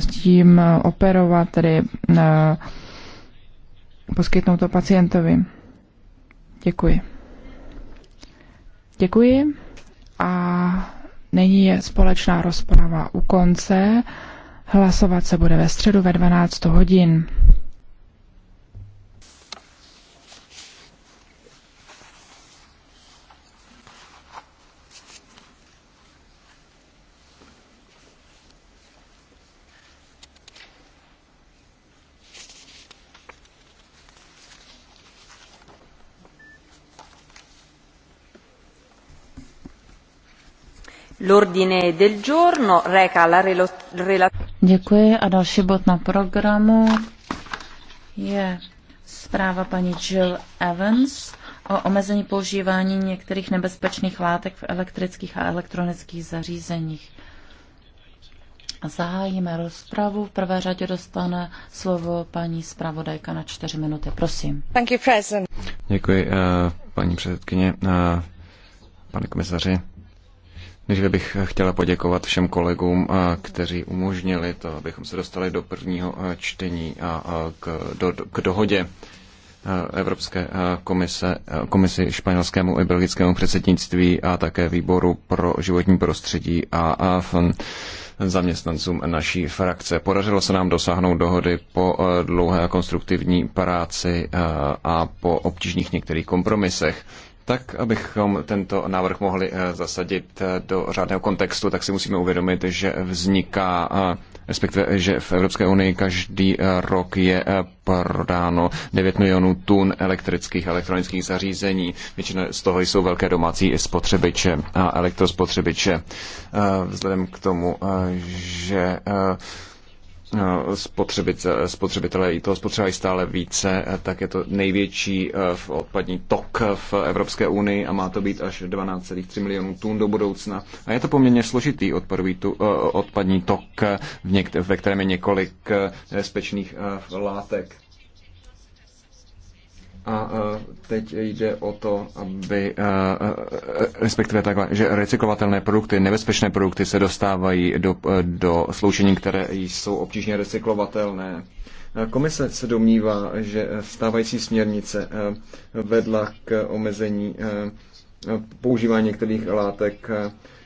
s tím eh, operovat, tedy eh, poskytnout to pacientovi. Děkuji. Děkuji. A nyní je společná rozprava u konce. Hlasovat se bude ve středu ve 12 hodin. Děkuji a další bod na programu je zpráva paní Jill Evans o omezení používání některých nebezpečných látek v elektrických a elektronických zařízeních. Zahájíme rozpravu. V prvé řadě dostane slovo paní zpravodajka na čtyři minuty. Prosím. Thank you, Děkuji, eh, paní předsedkyně, eh, pane komisaři. Než bych chtěla poděkovat všem kolegům, kteří umožnili to, abychom se dostali do prvního čtení a k, do, k dohodě Evropské komise, komisi španělskému i belgickému předsednictví a také výboru pro životní prostředí a, zaměstnancům naší frakce. Podařilo se nám dosáhnout dohody po dlouhé a konstruktivní práci a po obtížných některých kompromisech. Tak, abychom tento návrh mohli eh, zasadit eh, do řádného kontextu, tak si musíme uvědomit, že vzniká, eh, respektive, že v Evropské unii každý rok je prodáno 9 milionů tun elektrických elektronických zařízení. Většina z toho jsou velké domácí spotřebiče a elektrospotřebiče. Vzhledem k tomu, že Eh, eh, spotřebitelé to spotřebují stále více, eh, tak je to největší odpadní tok v Evropské unii a má to být až 12,3 milionů tun do budoucna. A je to poměrně složitý odpadový tu, odpadní tok, v něk- ve kterém je několik bezpečných látek. A teď jde o to, aby, respektive takhle, že recyklovatelné produkty, nebezpečné produkty se dostávají do, do sloučení, které jsou obtížně recyklovatelné. Komise se domnívá, že stávající směrnice vedla k omezení používání některých látek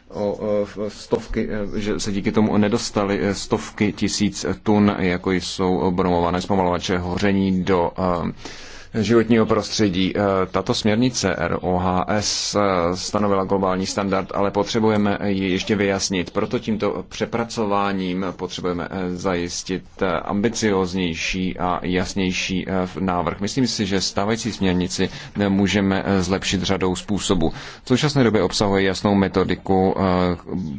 o stovky, že se díky tomu nedostaly stovky tisíc tun, jako jsou bromované zpomalovače hoření do životního prostředí. Eh, tato směrnice ROHS eh, stanovila globální standard, ale potřebujeme ji ještě vyjasnit. Proto tímto přepracováním potřebujeme eh, zajistit ambicioznější a jasnější návrh. Myslím si, že stávající směrnici můžeme zlepšit řadou způsobů. V současné době obsahuje jasnou metodiku,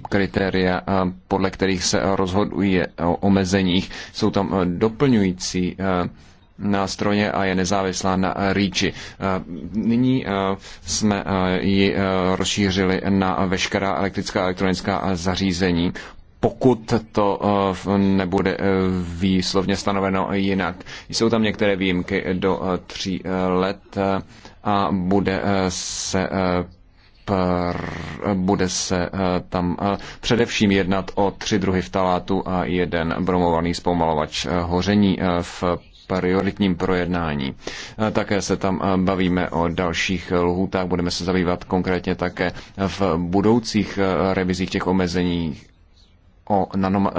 kritéria, podle kterých se rozhoduje o omezeních. Jsou tam doplňující nástroje a je nezávislá na REACHi. Eh, nyní eh, jsme eh, ji rozšířili na veškerá elektrická a elektronická zařízení pokud to nebude výslovně stanoveno jinak. Jsou tam některé výjimky do tří let a bude se bude se tam především jednat o tři druhy vtalátu a jeden bromovaný zpomalovač hoření v prioritním projednání. Také se tam bavíme o dalších lhůtách, budeme se zabývat konkrétně také v budoucích revizích těch omezení o nanoma,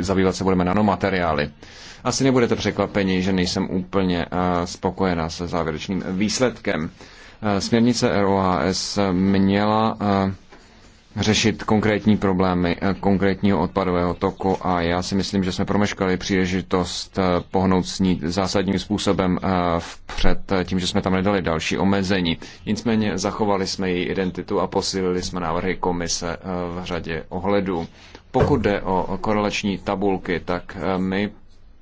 zabývat se budeme nanomateriály. Asi nebudete překvapeni, že nejsem úplně spokojená se závěrečným výsledkem. Směrnice ROHS měla řešit konkrétní problémy eh, konkrétního odpadového toku a já si myslím, že jsme promeškali příležitost eh, pohnout s ní zásadním způsobem eh, před tím, že jsme tam nedali další omezení. Nicméně zachovali jsme její identitu a posílili jsme návrhy komise v řadě ohledů. Pokud jde o korelační tabulky, tak my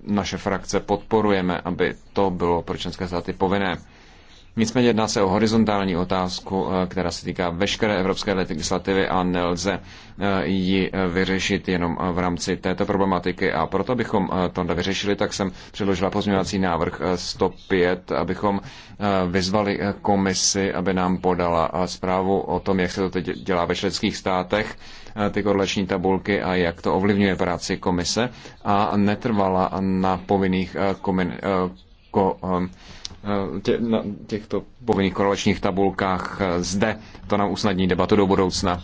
naše frakce podporujeme, aby to bylo pro členské státy povinné. Nicméně jedná se o horizontální otázku, eh, která se týká veškeré evropské legislativy a nelze eh, ji eh, vyřešit jenom v rámci této problematiky. A proto, abychom to vyřešili, tak jsem předložila pozměňovací návrh 105, abychom vyzvali komisi, aby nám podala zprávu o tom, jak se to teď dělá ve členských státech ty korleční tabulky a jak to ovlivňuje práci komise a netrvala na povinných komin, ko, jako, ehm, eh, tě, na těchto povinných korelačních tabulkách eh, zde. To nám usnadní debatu do budoucna.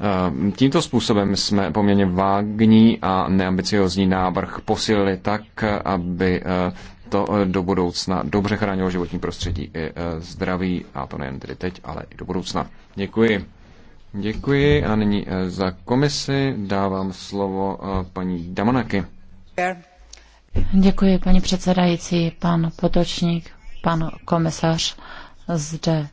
Ehm, tímto způsobem jsme poměrně vágní a neambiciozní návrh posílili tak, aby eh, to do budoucna dobře chránilo životní prostředí i zdraví, a to nejen tedy teď, ale i do budoucna. Děkuji. Děkuji a nyní za komisi dávám slovo paní Damanaky. Yeah. Děkuji, paní předsedající, pan Potočník, pan komisař zde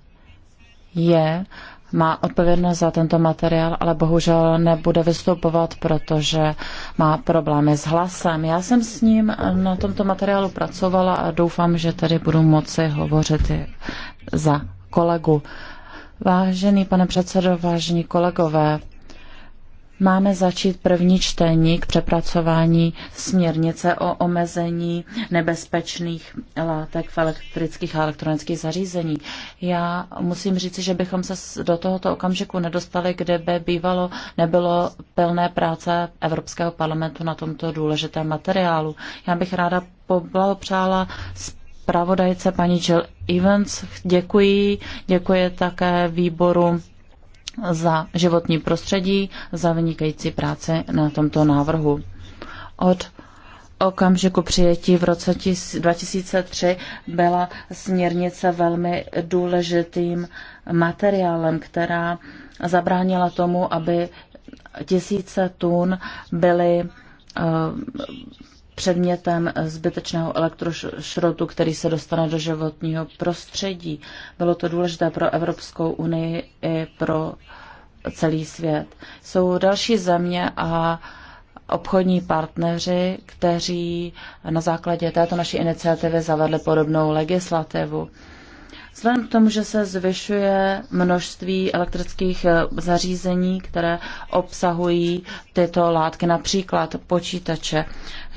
je, má odpovědnost za tento materiál, ale bohužel nebude vystupovat, protože má problémy s hlasem. Já jsem s ním na tomto materiálu pracovala a doufám, že tady budu moci hovořit i za kolegu. Vážený pane předsedo, vážení kolegové, Máme začít první čtení k přepracování směrnice o omezení nebezpečných látek v elektrických a elektronických zařízení. Já musím říct, že bychom se do tohoto okamžiku nedostali, kde by bývalo nebylo plné práce Evropského parlamentu na tomto důležitém materiálu. Já bych ráda poblahopřála zpravodajce paní Jill Evans. Děkuji, děkuji také výboru za životní prostředí za vynikající práce na tomto návrhu. Od okamžiku přijetí v roce 2003 byla směrnice velmi důležitým materiálem, která zabránila tomu, aby tisíce tun byly eh, předmětem zbytečného elektrošrotu, který se dostane do životního prostředí. Bylo to důležité pro Evropskou unii i pro celý svět. Jsou další země a obchodní partneři, kteří na základě této naší iniciativy zavedli podobnou legislativu. Vzhledem k tomu, že se zvyšuje množství elektrických eh, zařízení, které obsahují tyto látky, například počítače,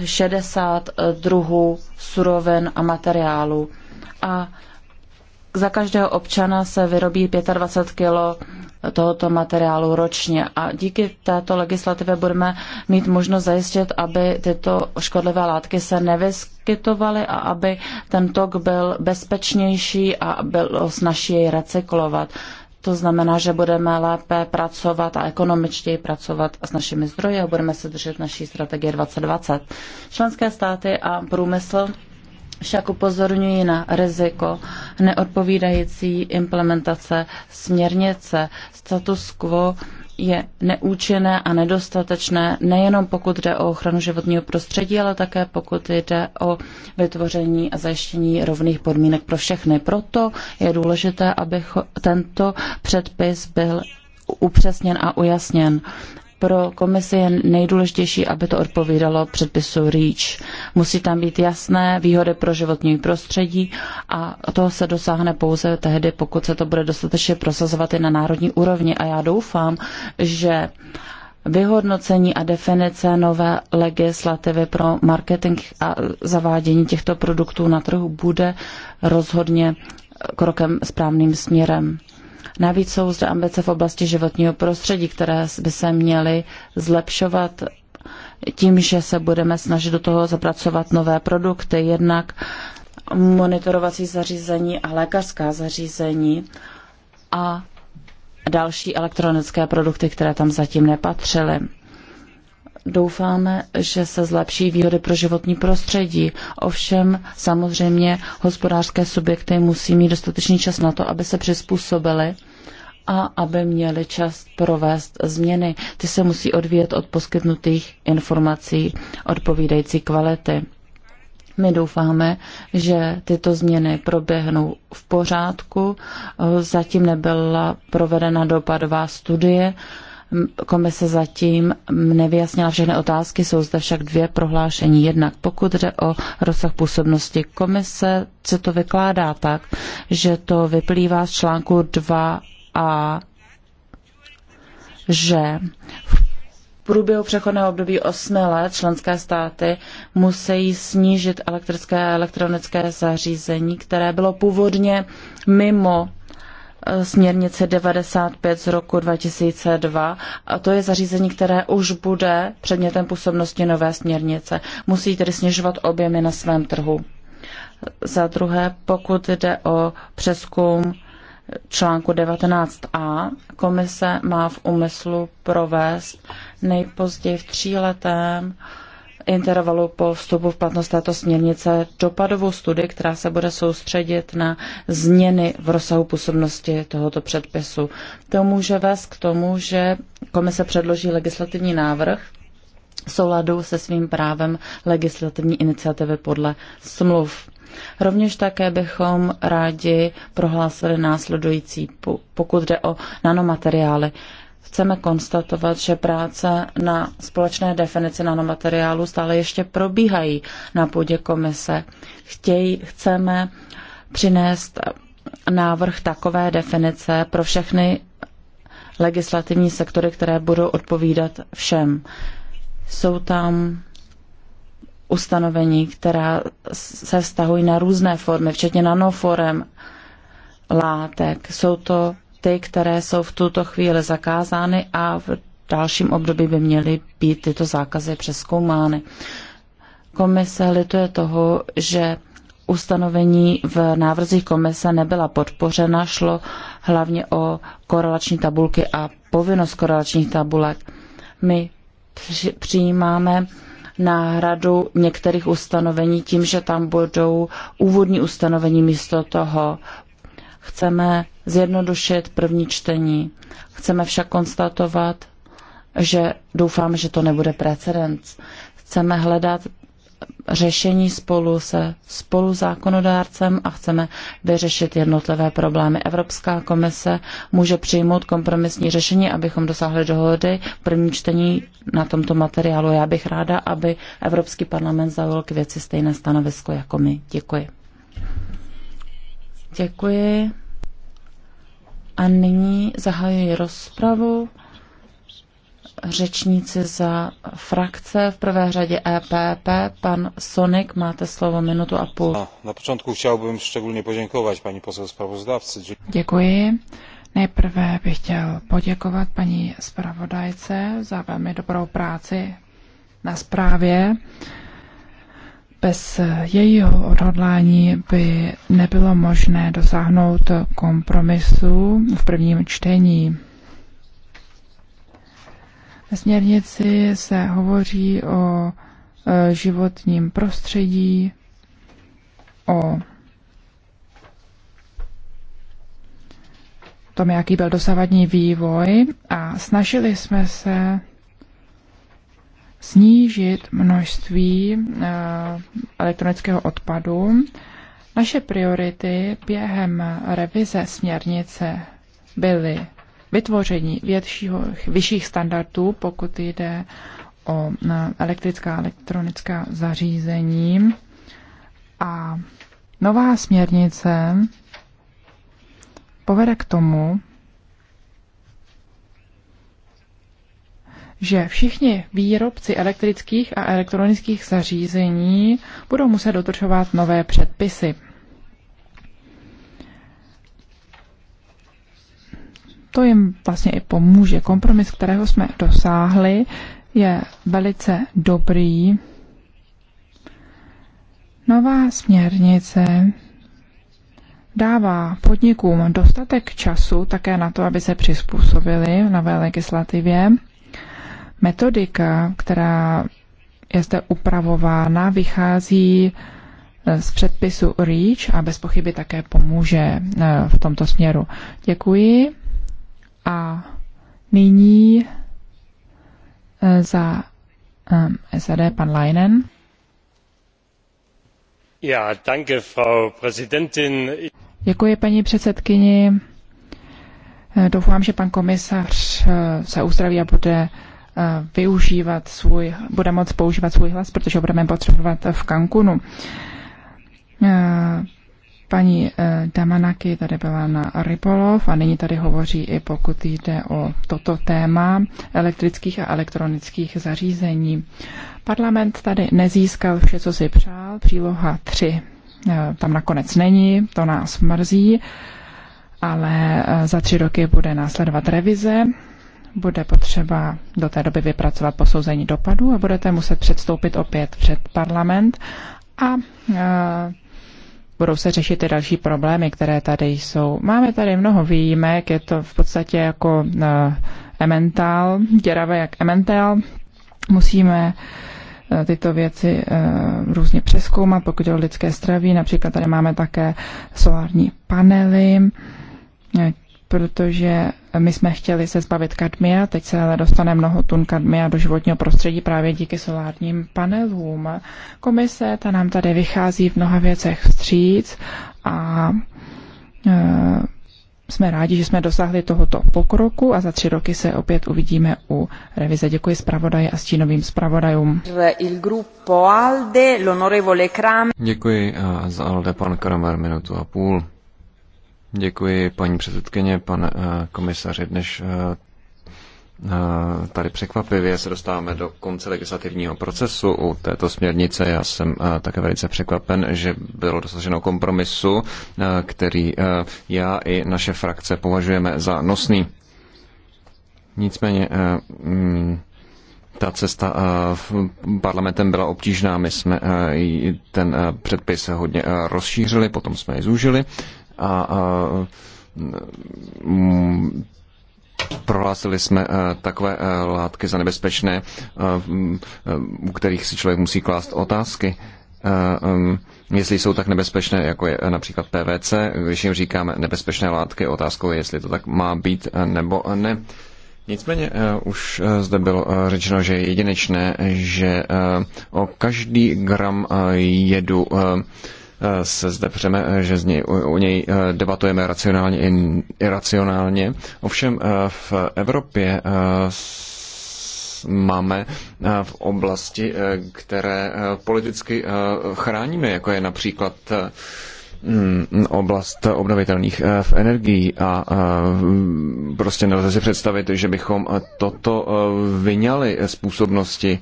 60 eh, druhů surovin a materiálů. A za každého občana se vyrobí 25 kg tohoto materiálu ročně. A díky této legislativě budeme mít možnost zajistit, aby tyto škodlivé látky se nevyskytovaly a aby ten tok byl bezpečnější a bylo snažší jej recyklovat. To znamená, že budeme lépe pracovat a ekonomičtěji pracovat s našimi zdroji a budeme se držet naší strategie 2020. Členské státy a průmysl však upozorňuji na riziko neodpovídající implementace směrnice. Status quo je neúčinné a nedostatečné, nejenom pokud jde o ochranu životního prostředí, ale také pokud jde o vytvoření a zajištění rovných podmínek pro všechny. Proto je důležité, aby tento předpis byl upřesněn a ujasněn. Pro komisi je nejdůležitější, aby to odpovídalo předpisu REACH. Musí tam být jasné výhody pro životní prostředí a toho se dosáhne pouze tehdy, pokud se to bude dostatečně prosazovat i na národní úrovni. A já doufám, že vyhodnocení a definice nové legislativy pro marketing a zavádění těchto produktů na trhu bude rozhodně krokem správným směrem. Navíc jsou zde ambice v oblasti životního prostředí, které by se měly zlepšovat tím, že se budeme snažit do toho zapracovat nové produkty, jednak monitorovací zařízení a lékařská zařízení a další elektronické produkty, které tam zatím nepatřily. Doufáme, že se zlepší výhody pro životní prostředí. Ovšem, samozřejmě, hospodářské subjekty musí mít dostatečný čas na to, aby se přizpůsobily a aby měli čas provést změny. Ty se musí odvíjet od poskytnutých informací odpovídající kvality. My doufáme, že tyto změny proběhnou v pořádku. Zatím nebyla provedena dopadová studie. Komise zatím nevyjasnila všechny otázky, jsou zde však dvě prohlášení. Jednak pokud jde o rozsah působnosti komise, se to vykládá tak, že to vyplývá z článku 2 a že v průběhu přechodného období 8 let členské státy musí snížit elektrické a elektronické zařízení, které bylo původně mimo e, směrnice 95 z roku 2002 a to je zařízení, které už bude předmětem působnosti nové směrnice. Musí tedy snižovat objemy na svém trhu. Za druhé, pokud jde o přeskum článku 19a komise má v úmyslu provést nejpozději v tříletém intervalu po vstupu v platnost této směrnice dopadovou studii, která se bude soustředit na změny v rozsahu působnosti tohoto předpisu. To může vést k tomu, že komise předloží legislativní návrh souladu se svým právem legislativní iniciativy podle smluv. Rovněž také bychom rádi prohlásili následující, pokud jde o nanomateriály chceme konstatovat, že práce na společné definici nanomateriálu stále ještě probíhají na půdě komise. Chtějí, chceme přinést návrh takové definice pro všechny legislativní sektory, které budou odpovídat všem. Jsou tam ustanovení, která se vztahují na různé formy, včetně nanoforem látek. Jsou to ty, které jsou v tuto chvíli zakázány a v dalším období by měly být tyto zákazy přeskoumány. Komise lituje toho, že ustanovení v návrzích komise nebyla podpořena, šlo hlavně o korelační tabulky a povinnost korelačních tabulek. My přijímáme náhradu některých ustanovení tím, že tam budou úvodní ustanovení místo toho. Chceme zjednodušit první čtení. Chceme však konstatovat, že doufám, že to nebude precedens. Chceme hledat řešení spolu se spolu zákonodárcem a chceme vyřešit jednotlivé problémy. Evropská komise může přijmout kompromisní řešení, abychom dosáhli dohody v prvním čtení na tomto materiálu. Já bych ráda, aby Evropský parlament zaujal k věci stejné stanovisko jako my. Děkuji. Děkuji. A nyní zahajuji rozpravu řečníci za frakce, v prvé řadě EPP. Pan Sonik, máte slovo minutu a půl. Na, no, na počátku bych szczególnie poděkovat paní posel zpravodajce. Děkuji. Nejprve bych chtěl poděkovat paní zpravodajce za velmi dobrou práci na zprávě. Bez jejího odhodlání by nebylo možné dosáhnout kompromisu v prvním čtení. Ve směrnici se hovoří o e, životním prostředí, o tom, jaký byl dosavadní vývoj a snažili jsme se snížit množství e, elektronického odpadu. Naše priority během revize směrnice byly vytvoření většího, vyšších standardů, pokud jde o elektrická a elektronická zařízení. A nová směrnice povede k tomu, že všichni výrobci elektrických a elektronických zařízení budou muset dodržovat nové předpisy. to jim vlastně i pomůže. Kompromis, kterého jsme dosáhli, je velice dobrý. Nová směrnice dává podnikům dostatek času také na to, aby se přizpůsobili v nové legislativě. Metodika, která je zde upravována, vychází eh, z předpisu REACH a bez pochyby také pomůže eh, v tomto směru. Děkuji. A nyní eh, za um, ehm, SAD pan Leinen. Ja, danke, Frau Präsidentin. Děkuji, paní předsedkyni. Eh, doufám, že pan komisař eh, se uzdraví a bude využívat svůj, bude moct používat svůj hlas, protože ho budeme potřebovat v Cancunu. Paní eh, Damanaki tady byla na Rybolov a nyní tady hovoří i pokud jde o toto téma elektrických a elektronických zařízení. Parlament tady nezískal vše, co si přál. Příloha 3 eh, tam nakonec není, to nás mrzí, ale eh, za tři roky bude následovat revize bude potřeba do té doby vypracovat posouzení dopadu a budete muset předstoupit opět před parlament a budou se řešit i další problémy, které tady jsou. Máme tady mnoho výjimek, je to v podstatě jako uh, emmental, děravé jak emmental. Musíme eh, tyto věci eh, různě přeskoumat, pokud je o lidské straví. Například tady máme také solární panely, protože my jsme chtěli se zbavit kadmia, teď se ale dostane mnoho tun kadmia do životního prostředí právě díky solárním panelům. Komise ta nám tady vychází v mnoha věcech vstříc a e, jsme rádi, že jsme dosáhli tohoto pokroku a za tři roky se opět uvidíme u revize. Děkuji zpravodaji a stínovým zpravodajům. Děkuji e, za Alde, pan Kramer, minutu a půl. Děkuji, paní předsedkyně, pane eh, komisaři. Dnes eh, eh, tady překvapivě se dostáváme do konce legislativního procesu u této směrnice. Já jsem také velice překvapen, že bylo dosaženo kompromisu, který já i naše frakce považujeme za nosný. Nicméně mm, ta cesta v parlamentem byla obtížná. My jsme ten předpis hodně rozšířili, potom jsme ji zúžili a, a m, mm, prohlásili jsme eh, takové eh, látky za nebezpečné, eh, mm, u kterých si člověk musí klást otázky mm, jestli jsou tak nebezpečné, jako je například PVC. Když jim říkáme nebezpečné látky, otázkou je, jestli to tak má být nebo ne. Nicméně už zde bylo řečeno, že je jedinečné, že o každý gram jedu Eh, se zde přeme, eh, že z něj, u něj eh, debatujeme racionálně i iracionálně. Ovšem v Evropě máme v oblasti, které politicky chráníme, jako je například mm, oblast obnovitelných v energii, a prostě nelze si představit, že bychom toto vyňali z působnosti,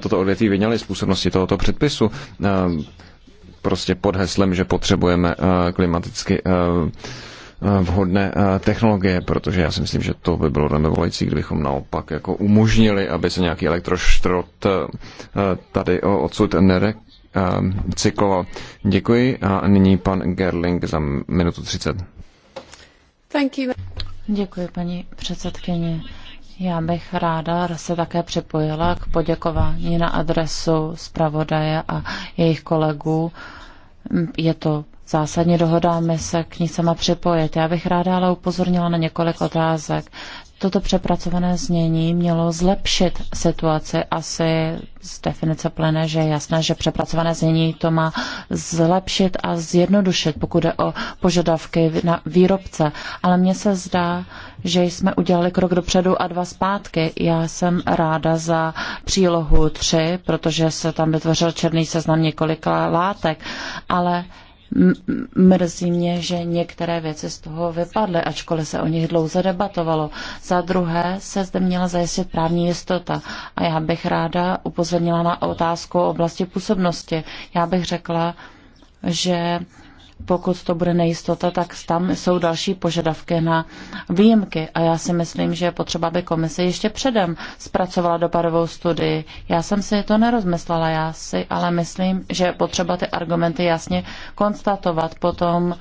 toto odvětví vyňali z působnosti tohoto předpisu prostě pod heslem, že potřebujeme eh, klimaticky eh, eh, vhodné technologie, protože já si myslím, že to by bylo nemovolající, kdybychom naopak jako umožnili, aby se nějaký elektroštrot tady odsud nerecykloval. Děkuji a nyní pan Gerling za minutu 30. Thank you. Děkuji, paní předsedkyně. Já bych ráda se také připojila k poděkování na adresu zpravodaje a jejich kolegů. Je to zásadní dohoda, my se k ní sama připojit. Já bych ráda ale upozornila na několik otázek toto přepracované znění mělo zlepšit situaci. Asi z definice plyne, že je jasné, že přepracované znění to má zlepšit a zjednodušit, pokud jde o požadavky na výrobce. Ale mně se zdá, že jsme udělali krok dopředu a dva zpátky. Já jsem ráda za přílohu 3, protože se tam vytvořil černý seznam několika látek, ale Mrzí mě, že některé věci z toho vypadly, ačkoliv se o nich dlouze debatovalo. Za druhé se zde měla zajistit právní jistota. A já bych ráda upozornila na otázku oblasti působnosti. Já bych řekla, že pokud to bude nejistota, tak tam jsou další požadavky na výjimky. A já si myslím, že je potřeba, aby komise ještě předem zpracovala dopadovou studii. Já jsem si to nerozmyslela, já si ale myslím, že je potřeba ty argumenty jasně konstatovat. Potom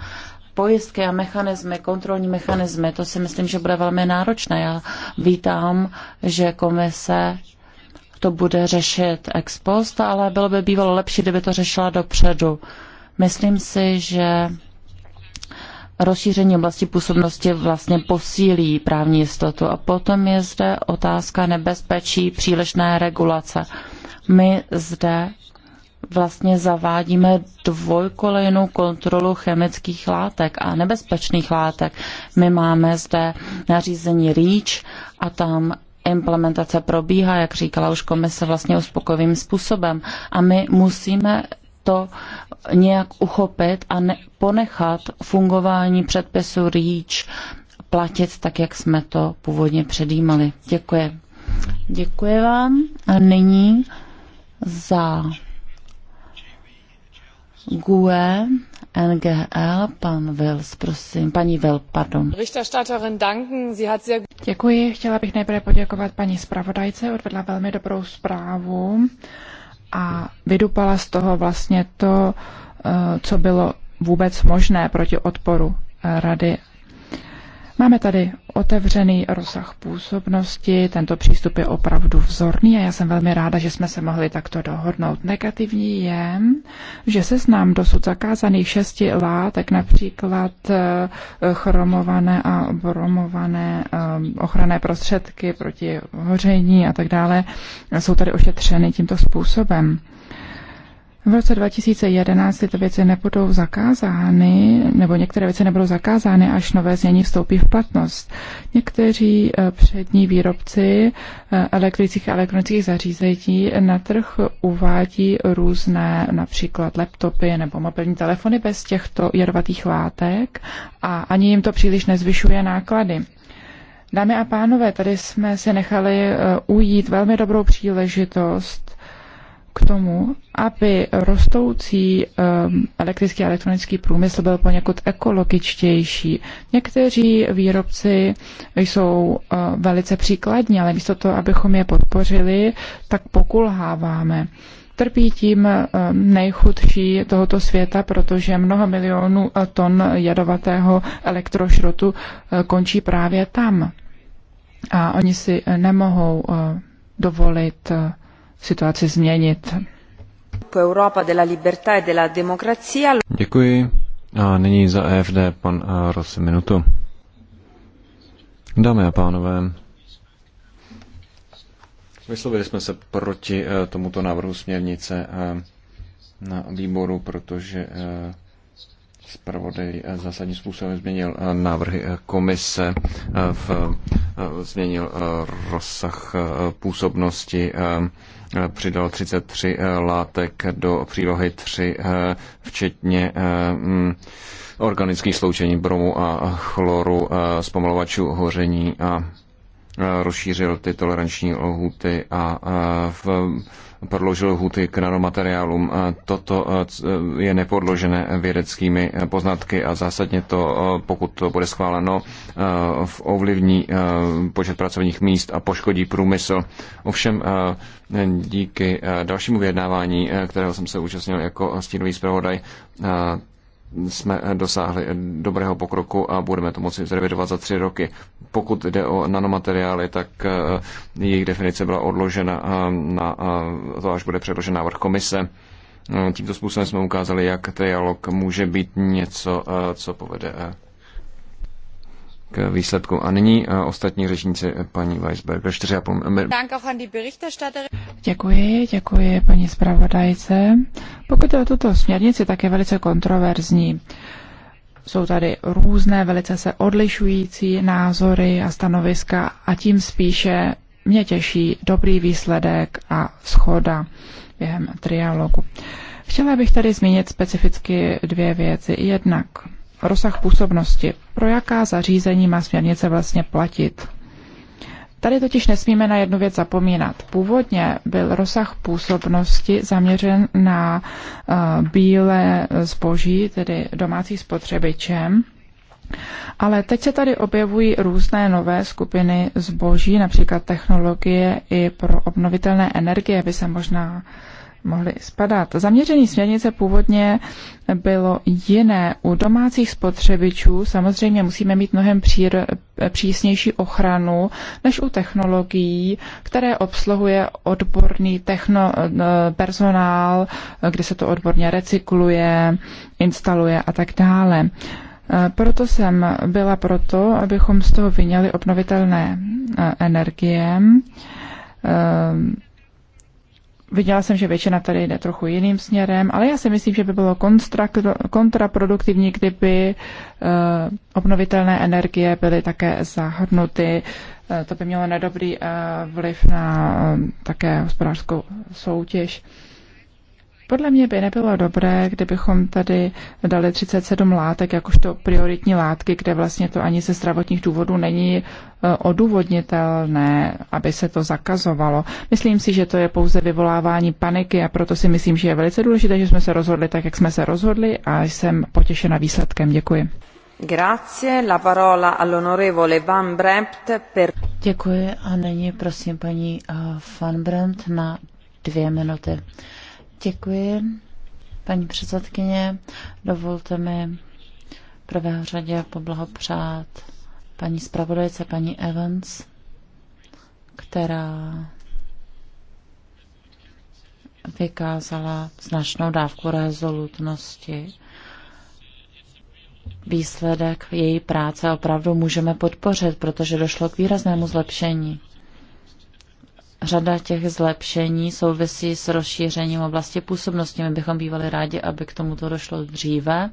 pojistky a mechanismy, kontrolní mechanismy, to si myslím, že bude velmi náročné. Já vítám, že komise to bude řešit ex post, ale bylo by bývalo lepší, kdyby to řešila dopředu. Myslím si, že rozšíření oblasti působnosti vlastně posílí právní jistotu. A potom je zde otázka nebezpečí přílišné regulace. My zde vlastně zavádíme dvojkolejnou kontrolu chemických látek a nebezpečných látek. My máme zde nařízení REACH a tam implementace probíhá, jak říkala už komise, vlastně uspokojivým způsobem. A my musíme to nějak uchopit a ne, ponechat fungování předpisu REACH platit tak, jak jsme to původně předjímali. Děkuji. Děkuji vám. A nyní za GUE NGL, pan Wills, prosím, paní Will, pardon. Děkuji, chtěla bych nejprve poděkovat paní zpravodajce, odvedla velmi dobrou zprávu a vydupala z toho vlastně to, eh, co bylo vůbec možné proti odporu eh, Rady Máme tady otevřený rozsah působnosti, tento přístup je opravdu vzorný a já jsem velmi ráda, že jsme se mohli takto dohodnout. Negativní je, že se s nám dosud zakázaných šesti látek, například eh, chromované a bromované eh, ochranné prostředky proti hoření a tak dále, jsou tady ošetřeny tímto způsobem. V roce 2011 tyto věci nebudou zakázány, nebo některé věci nebudou zakázány, až nové znění vstoupí v platnost. Někteří eh, přední výrobci eh, elektrických a elektronických zařízení na trh uvádí různé například laptopy nebo mobilní telefony bez těchto jedovatých látek a ani jim to příliš nezvyšuje náklady. Dámy a pánové, tady jsme si nechali eh, ujít velmi dobrou příležitost k tomu, aby rostoucí ehm, elektrický a elektronický průmysl byl poněkud ekologičtější. Někteří výrobci jsou eh, velice příkladní, ale místo toho, abychom je podpořili, tak pokulháváme trpí tím ehm, nejchudší tohoto světa, protože mnoho milionů eh, ton jadovatého elektrošrotu eh, končí právě tam. A oni si nemohou dovolit situaci změnit. Děkuji. A nyní za EFD pan eh, Ros minutu. Dámy a pánové, vyslovili jsme se proti eh, tomuto návrhu směrnice eh, na výboru, protože zpravodaj zásadním způsobem změnil návrhy komise, v, změnil rozsah působnosti Eh, přidal 33 eh, látek do přílohy 3, eh, včetně mm, organických sloučení bromu a chloru, zpomalovačů hoření a rozšířil ty toleranční lhuty a v prodloužil lhuty k nanomateriálům. Toto e, e, je nepodložené vědeckými e, poznatky a zásadně to, pokud to bude schváleno, ovlivní počet pracovních míst a poškodí průmysl. Ovšem díky dalšímu vyjednávání, kterého jsem se účastnil jako stínový zpravodaj, jsme eh, dosáhli eh, dobrého pokroku a budeme to moci zrevidovat za tři roky. Pokud jde o nanomateriály, tak eh, jejich definice byla odložena na to, až bude předložen návrh komise. Tímto způsobem jsme ukázali, jak trialog může být něco, co povede k výsledku. A nyní eh, ostatní řečníci eh, paní Weisberger, 4,5 Děkuji, děkuji paní zpravodajce. Pokud je o tuto směrnici, tak je velice kontroverzní. Jsou tady různé, velice se odlišující názory a stanoviska a tím spíše mě těší dobrý výsledek a schoda během trialogu. Chtěla bych tady zmínit specificky dvě věci. Jednak rozsah působnosti. Pro jaká zařízení má směrnice vlastně platit? Tady totiž nesmíme na jednu věc zapomínat. Původně byl rozsah působnosti zaměřen na eh, bílé zboží, tedy domácí spotřebičem. Ale teď se tady objevují různé nové skupiny zboží, například technologie i pro obnovitelné energie by se možná uh, mohly spadat. Zaměření směrnice původně bylo jiné. U domácích spotřebičů samozřejmě musíme mít mnohem přír, přísnější ochranu než u technologií, které obsluhuje odborný techno, personál, kde se to odborně recykluje, instaluje a tak dále. Proto jsem byla proto, abychom z toho vyněli obnovitelné eh, energie ehm, Viděla jsem, že většina tady jde trochu jiným směrem, ale já si myslím, že by bylo kontraproduktivní, kdyby eh, obnovitelné energie byly také zahrnuty. Eh, to by mělo nedobrý eh, vliv na také hospodářskou soutěž. Podle mě by nebylo dobré, kdybychom tady dali 37 látek jakožto prioritní látky, kde vlastně to ani ze zdravotních důvodů není e, odůvodnitelné, aby se to zakazovalo. Myslím si, že to je pouze vyvolávání paniky a proto si myslím, že je velice důležité, že jsme se rozhodli tak, jak jsme se rozhodli a jsem potěšena výsledkem. Děkuji. Grazie, la parola all'onorevole Van Brempt per... Děkuji a nyní prosím paní eh, Van Brempt na dvě minuty. Děkuji, paní předsedkyně. Dovolte mi v prvé řadě poblahopřát paní zpravodajce, paní Evans, která vykázala značnou dávku rezolutnosti. Výsledek její práce opravdu můžeme podpořit, protože došlo k výraznému zlepšení řada těch zlepšení souvisí s rozšířením oblasti působnosti. My bychom bývali rádi, aby k tomuto došlo dříve,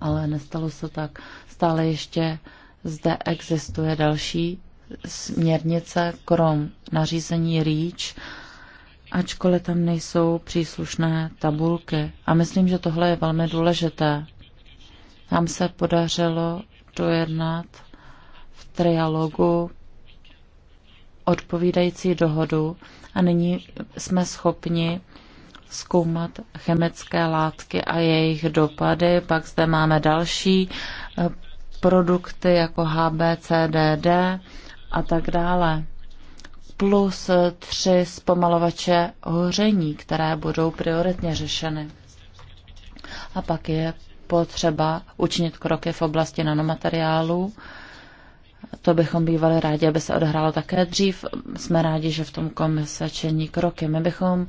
ale nestalo se tak. Stále ještě zde existuje další směrnice krom nařízení REACH, ačkoliv tam nejsou příslušné tabulky. A myslím, že tohle je velmi důležité. Tam se podařilo dojednat v trialogu odpovídající dohodu a nyní jsme schopni zkoumat chemické látky a jejich dopady. Pak zde máme další eh, produkty jako HBCDD a tak dále. Plus tři zpomalovače hoření, které budou prioritně řešeny. A pak je potřeba učinit kroky v oblasti nanomateriálů to bychom bývali rádi, aby se odehrálo také dřív. Jsme rádi, že v tom komise činí kroky. My bychom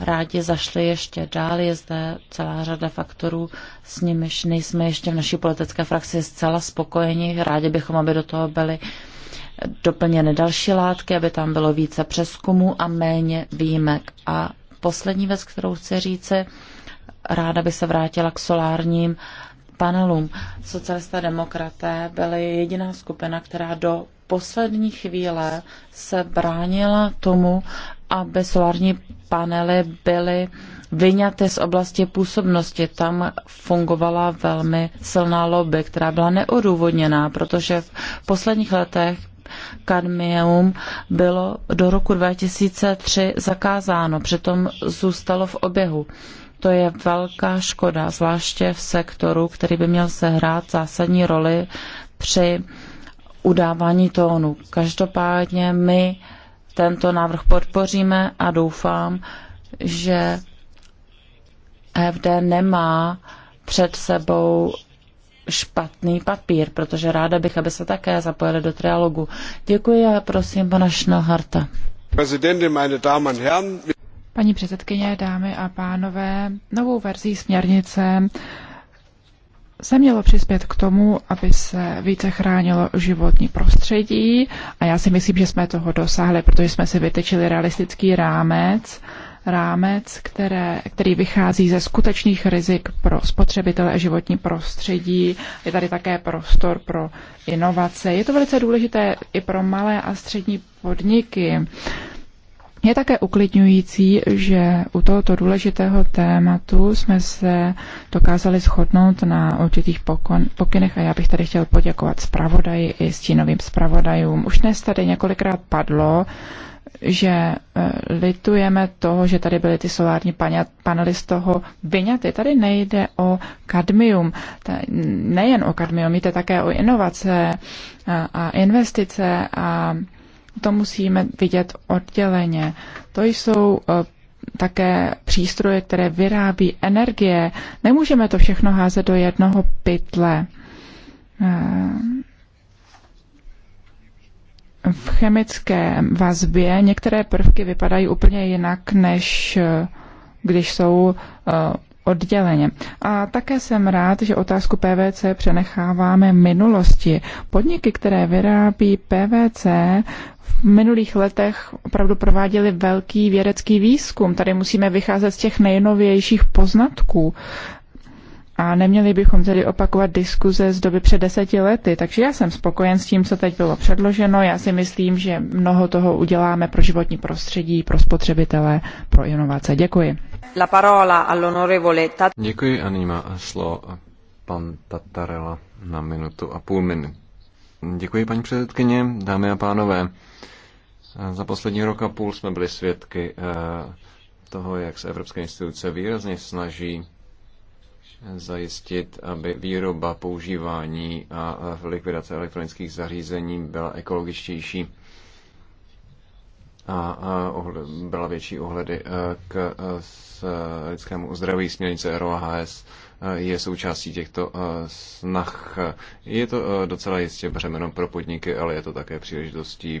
rádi zašli ještě dál. Je zde celá řada faktorů, s nimiž nejsme ještě v naší politické frakci zcela spokojeni. Rádi bychom, aby do toho byly doplněny další látky, aby tam bylo více přeskumu a méně výjimek. A poslední věc, kterou chci říci, ráda bych se vrátila k solárním panelům. Socialista demokraté byly jediná skupina, která do poslední chvíle se bránila tomu, aby solární panely byly vyňaty z oblasti působnosti. Tam fungovala velmi silná lobby, která byla neodůvodněná, protože v posledních letech kadmium bylo do roku 2003 zakázáno, přitom zůstalo v oběhu. To je velká škoda, zvláště v sektoru, který by měl sehrát zásadní roli při udávání tónu. Každopádně my tento návrh podpoříme a doufám, že FD nemá před sebou špatný papír, protože ráda bych, aby se také zapojili do trialogu. Děkuji a prosím pana Schnellharta. Paní předsedkyně, dámy a pánové, novou verzí směrnice se mělo přispět k tomu, aby se více chránilo životní prostředí a já si myslím, že jsme toho dosáhli, protože jsme si vytečili realistický rámec, rámec, které, který vychází ze skutečných rizik pro spotřebitele a životní prostředí. Je tady také prostor pro inovace. Je to velice důležité i pro malé a střední podniky. Je také uklidňující, že u tohoto důležitého tématu jsme se dokázali shodnout na určitých pokynech a já bych tady chtěl poděkovat zpravodaji i stínovým zpravodajům. Už dnes tady několikrát padlo, že e, litujeme toho, že tady byly ty solární panely z toho vyňaty. Tady nejde o kadmium, nejen o kadmium, jde také o inovace a investice a to musíme vidět odděleně. To jsou eh, také přístroje, které vyrábí energie. Nemůžeme to všechno házet do jednoho pytle. Eh, v chemické vazbě některé prvky vypadají úplně jinak, než eh, když jsou odděleně. A také jsem rád, že otázku PVC přenecháváme minulosti. Podniky, které vyrábí PVC, v minulých letech opravdu prováděli velký vědecký výzkum. Tady musíme vycházet z těch nejnovějších poznatků. A neměli bychom tedy opakovat diskuze z doby před deseti lety. Takže já jsem spokojen s tím, co teď bylo předloženo. Já si myslím, že mnoho toho uděláme pro životní prostředí, pro spotřebitele, pro inovace. Děkuji. La parola all'onorevole Tat... Děkuji a nyní má slovo pan Tatarela na minutu a půl minuty. Děkuji, paní předsedkyně, dámy a pánové. Za poslední rok a půl jsme byli svědky eh, toho, jak se evropské instituce výrazně snaží zajistit, aby výroba, používání a eh, likvidace elektronických zařízení byla ekologičtější a byla větší ohledy eh, k s eh, lidskému zdraví, směrnice ROHS eh, je součástí těchto eh, snah. Je to docela jistě břemeno pro podniky, ale je to také příležitostí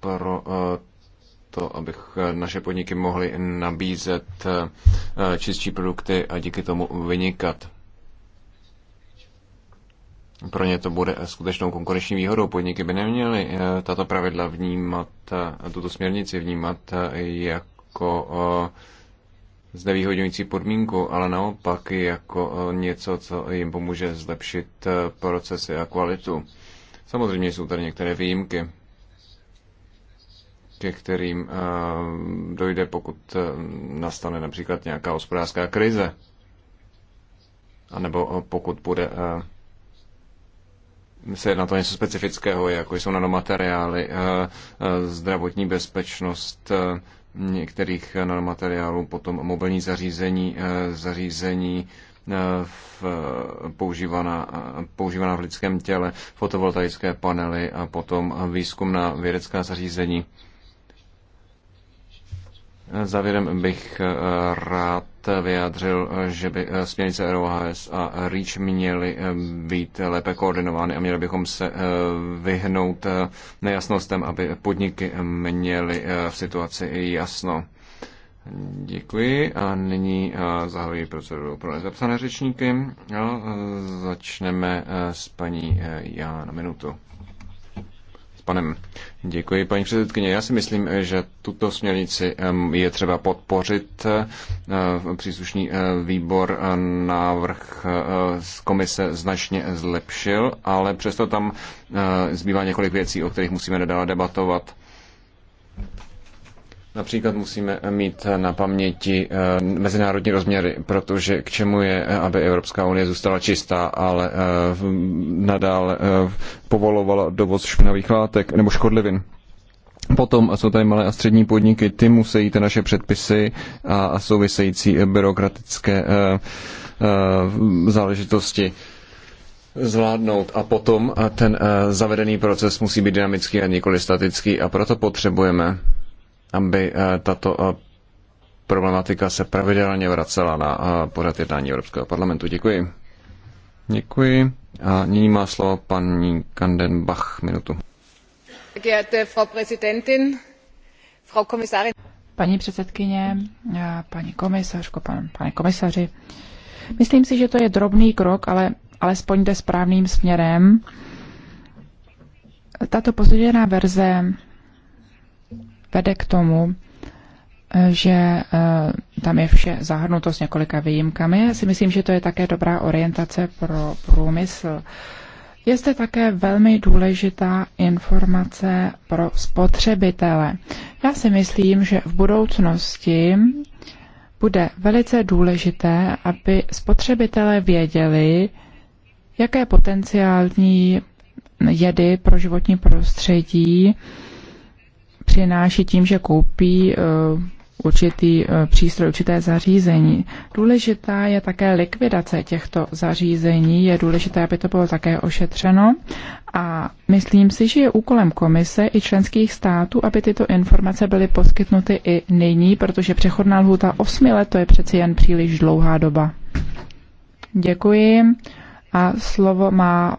pro to, abych naše podniky mohly nabízet čistší produkty a díky tomu vynikat. Pro ně to bude skutečnou konkurenční výhodou. Podniky by neměly tato pravidla vnímat, tuto směrnici vnímat jako jako eh, znevýhodňující podmínku, ale naopak jako eh, něco, co jim pomůže zlepšit eh, procesy a kvalitu. Samozřejmě jsou tady některé výjimky, ke kterým dojde, pokud nastane například nějaká hospodářská krize, anebo pokud bude se na to něco specifického, jako jsou nanomateriály, zdravotní bezpečnost, některých nanomateriálů, potom mobilní zařízení, eh, zařízení eh, v, používaná, eh, používaná v lidském těle, fotovoltaické panely a potom výzkum na vědecká zařízení. Závěrem bych rád vyjádřil, že by eh, směrnice ROHS a REACH měly eh, být lépe koordinovány a měli bychom se eh, vyhnout nejasnostem, aby podniky měly v situaci jasno. Děkuji a nyní zahajuji proceduru pro nezapsané řečníky a začneme s paní Já na minutu panem. Děkuji, paní předsedkyně. Já si myslím, že tuto směrnici je třeba podpořit. Eh, příslušný eh, výbor eh, návrh z komise značně zlepšil, ale přesto tam zbývá několik věcí, o kterých musíme nadále debatovat. Například musíme mít na paměti eh, mezinárodní rozměry, protože k čemu je, eh, aby Evropská unie zůstala čistá, ale eh, nadále povolovala dovoz špinavých látek nebo škodlivin. Potom jsou tady malé a střední podniky, ty musí ty naše předpisy a související byrokratické záležitosti zvládnout a potom ten zavedený proces musí být dynamický a nikoli statický a proto potřebujeme aby eh, tato eh, problematika se pravidelně vracela na eh, pořad jednání Evropského parlamentu. Děkuji. Děkuji. A nyní má slovo paní Kandenbach minutu. Paní předsedkyně, paní komisařko, pan, pane komisaři, myslím si, že to je drobný krok, ale alespoň jde správným směrem. Tato pozdějená verze vede k tomu, eh, že eh, tam je vše zahrnuto s několika výjimkami. Já si myslím, že to je také dobrá orientace pro průmysl. Je zde také velmi důležitá informace pro spotřebitele. Já si myslím, že v budoucnosti bude velice důležité, aby spotřebitele věděli, jaké potenciální jedy pro životní prostředí přináší tím, že koupí eh, určitý eh, přístroj, určité zařízení. Důležitá je také likvidace těchto zařízení, je důležité, aby to bylo také ošetřeno a myslím si, že je úkolem komise i členských států, aby tyto informace byly poskytnuty i nyní, protože přechodná lhůta 8 let to je přeci jen příliš dlouhá doba. Děkuji a slovo má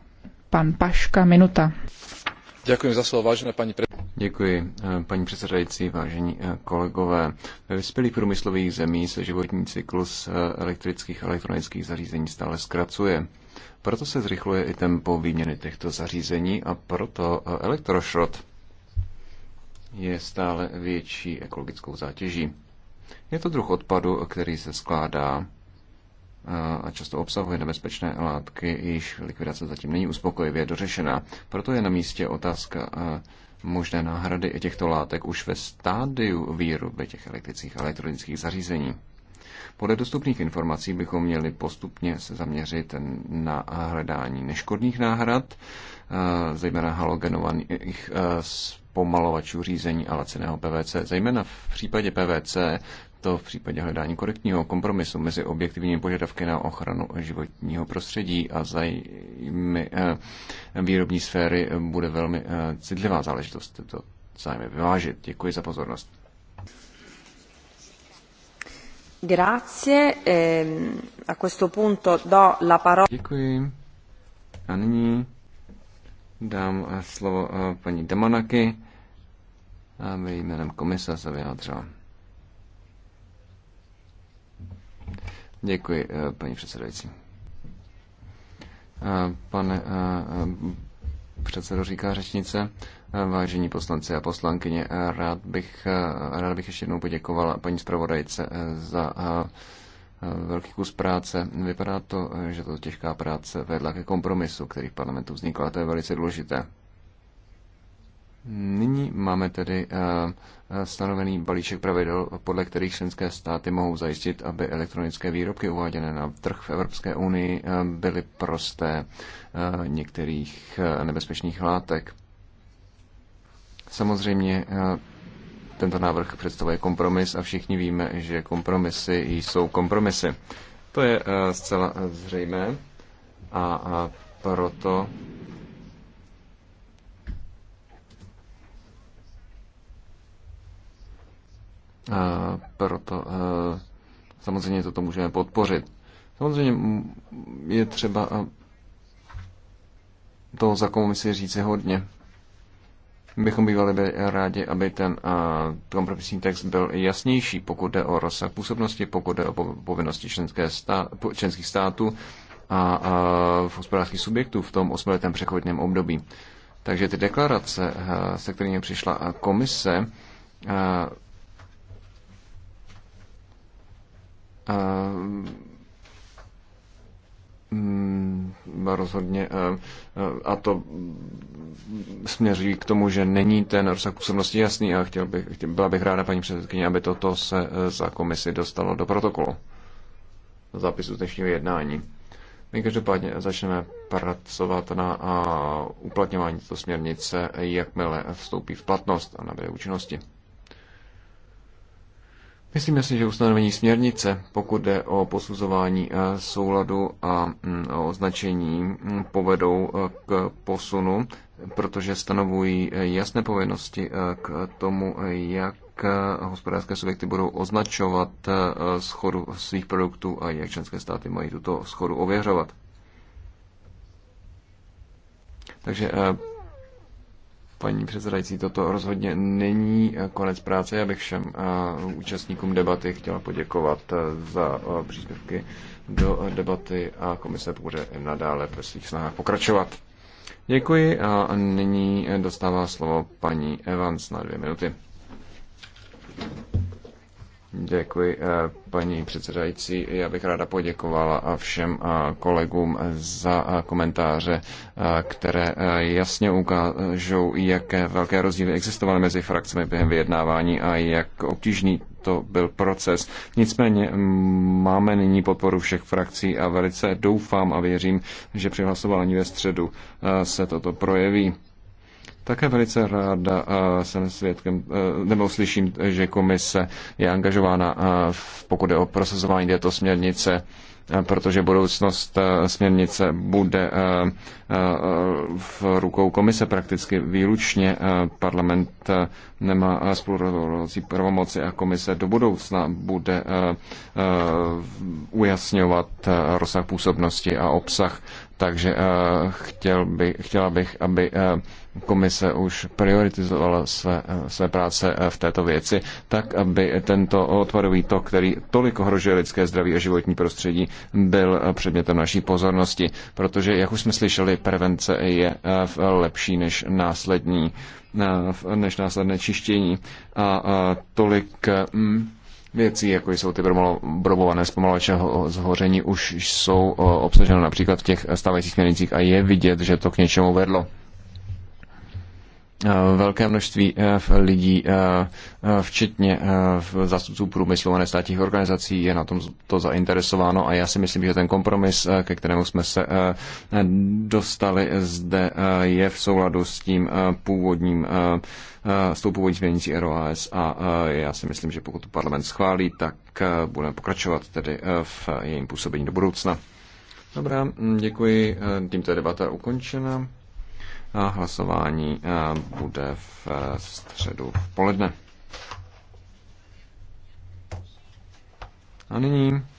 pan Paška Minuta. Děkuji za slovo, vážené paní prezident. Děkuji, eh, paní předsedající, vážení eh, kolegové. Ve vyspělých průmyslových zemí se životní cyklus eh, elektrických a elektronických zařízení stále zkracuje. Proto se zrychluje i tempo výměny těchto zařízení a proto elektrošrot je stále větší ekologickou zátěží. Je to druh odpadu, který se skládá a často obsahuje nebezpečné látky, jejichž likvidace zatím není uspokojivě dořešena. Proto je na místě otázka možné náhrady těchto látek už ve stádiu výroby těch elektrických a elektronických zařízení. Podle dostupných informací bychom měli postupně se zaměřit na hledání neškodných náhrad, eh, zejména halogenovaných eh, zpomalovačů řízení a laciného PVC. Zejména v případě PVC to v případě hledání korektního kompromisu mezi objektivními požadavky na ochranu životního prostředí a zájmy eh, výrobní sféry eh, bude velmi eh, citlivá záležitost tyto zájmy vyvážit. Děkuji za pozornost. Grazie. Ehm, a questo punto do la parola. Děkuji. A nyní dám slovo paní Damanaky, aby jménem komisa se vyjádřila. Děkuji, eh, paní předsedající. Eh, pane eh, předsedo, říká řečnice, vážení poslanci a poslankyně, rád bych, rád bych ještě jednou poděkoval paní zpravodajce za velký kus práce. Vypadá to, že to těžká práce vedla ke kompromisu, který v parlamentu vznikl a to je velice důležité. Nyní máme tedy eh, eh, stanovený balíček pravidel, podle kterých členské státy mohou zajistit, aby elektronické výrobky uváděné na trh v Evropské unii eh, byly prosté některých nebezpečných látek. Samozřejmě tento návrh představuje kompromis a všichni víme, že kompromisy jsou kompromisy. To je zcela zřejmé a proto proto samozřejmě toto můžeme podpořit. Samozřejmě je třeba toho za komisi říci hodně. Bychom bývali byli rádi, aby ten kompromisní text byl jasnější, pokud jde o rozsah působnosti, pokud jde o povinnosti členské stát, členských států a, a hospodářských subjektů v tom osmiletém přechodném období. Takže ty deklarace, se kterými přišla komise, Mm, rozhodně a to směří k tomu, že není ten rozsah působnosti jasný a chtěl bych, chtěl, byla bych ráda, paní předsedkyně, aby toto se e, za komisi dostalo do protokolu zápisu dnešního jednání. My každopádně začneme pracovat na uplatňování této směrnice, jakmile vstoupí v platnost a nabude účinnosti. Myslíme si, že ustanovení směrnice, pokud jde o posuzování eh, souladu a mm, označení, mm, povedou eh, k posunu, protože stanovují eh, jasné povinnosti k tomu, jak hospodářské subjekty budou označovat schodu svých produktů a jak členské státy mají tuto schodu ověřovat. Takže paní předsedající. Toto rozhodně není eh, konec práce. Já bych všem eh, účastníkům debaty chtěla poděkovat eh, za příspěvky do debaty a komise bude nadále ve svých snahách pokračovat. Děkuji a nyní dostává slovo paní Evans na dvě minuty. Děkuji, eh, paní předsedající. Já bych ráda poděkovala eh, všem eh, kolegům za komentáře, které jasně ukážou, jaké velké rozdíly existovaly mezi frakcemi během vyjednávání a jak obtížný to byl proces. Nicméně máme nyní podporu všech frakcí a velice doufám a věřím, že při hlasování ve středu se toto projeví. Také velice ráda eh, jsem svědkem, eh, nebo slyším, že komise je angažována, eh, v, pokud je o prosazování této směrnice, protože budoucnost směrnice bude v rukou komise prakticky výlučně. Parlament nemá spolurozhodovací pravomoci a komise do budoucna bude ujasňovat rozsah působnosti a obsah takže eh, chtěl by, chtěla bych, aby eh, komise už prioritizovala své, eh, své práce v této věci, tak aby tento odpadový tok, který tolik ohrožuje lidské zdraví a životní prostředí, byl předmětem naší pozornosti. Protože, jak už jsme slyšeli, prevence je lepší než následní než následné čištění. A tolik věcí, jako jsou ty bromované zpomalovače zhoření, už jsou obsaženy například v těch stávajících směrnicích a je vidět, že to k něčemu vedlo. Eh, velké množství eh, lidí, eh, včetně zástupců průmyslu a nestátních organizací, je na tom to zainteresováno a já si myslím, že ten kompromis, ke kterému jsme se dostali zde, je v souladu s tím původním s tou původní změnící ROAS a já si myslím, že pokud to parlament schválí, tak budeme pokračovat tedy v jejím působení do budoucna. Dobrá, hm, děkuji. Tímto je debata ukončena a hlasování eh, bude eh, v středu v poledne. A nyní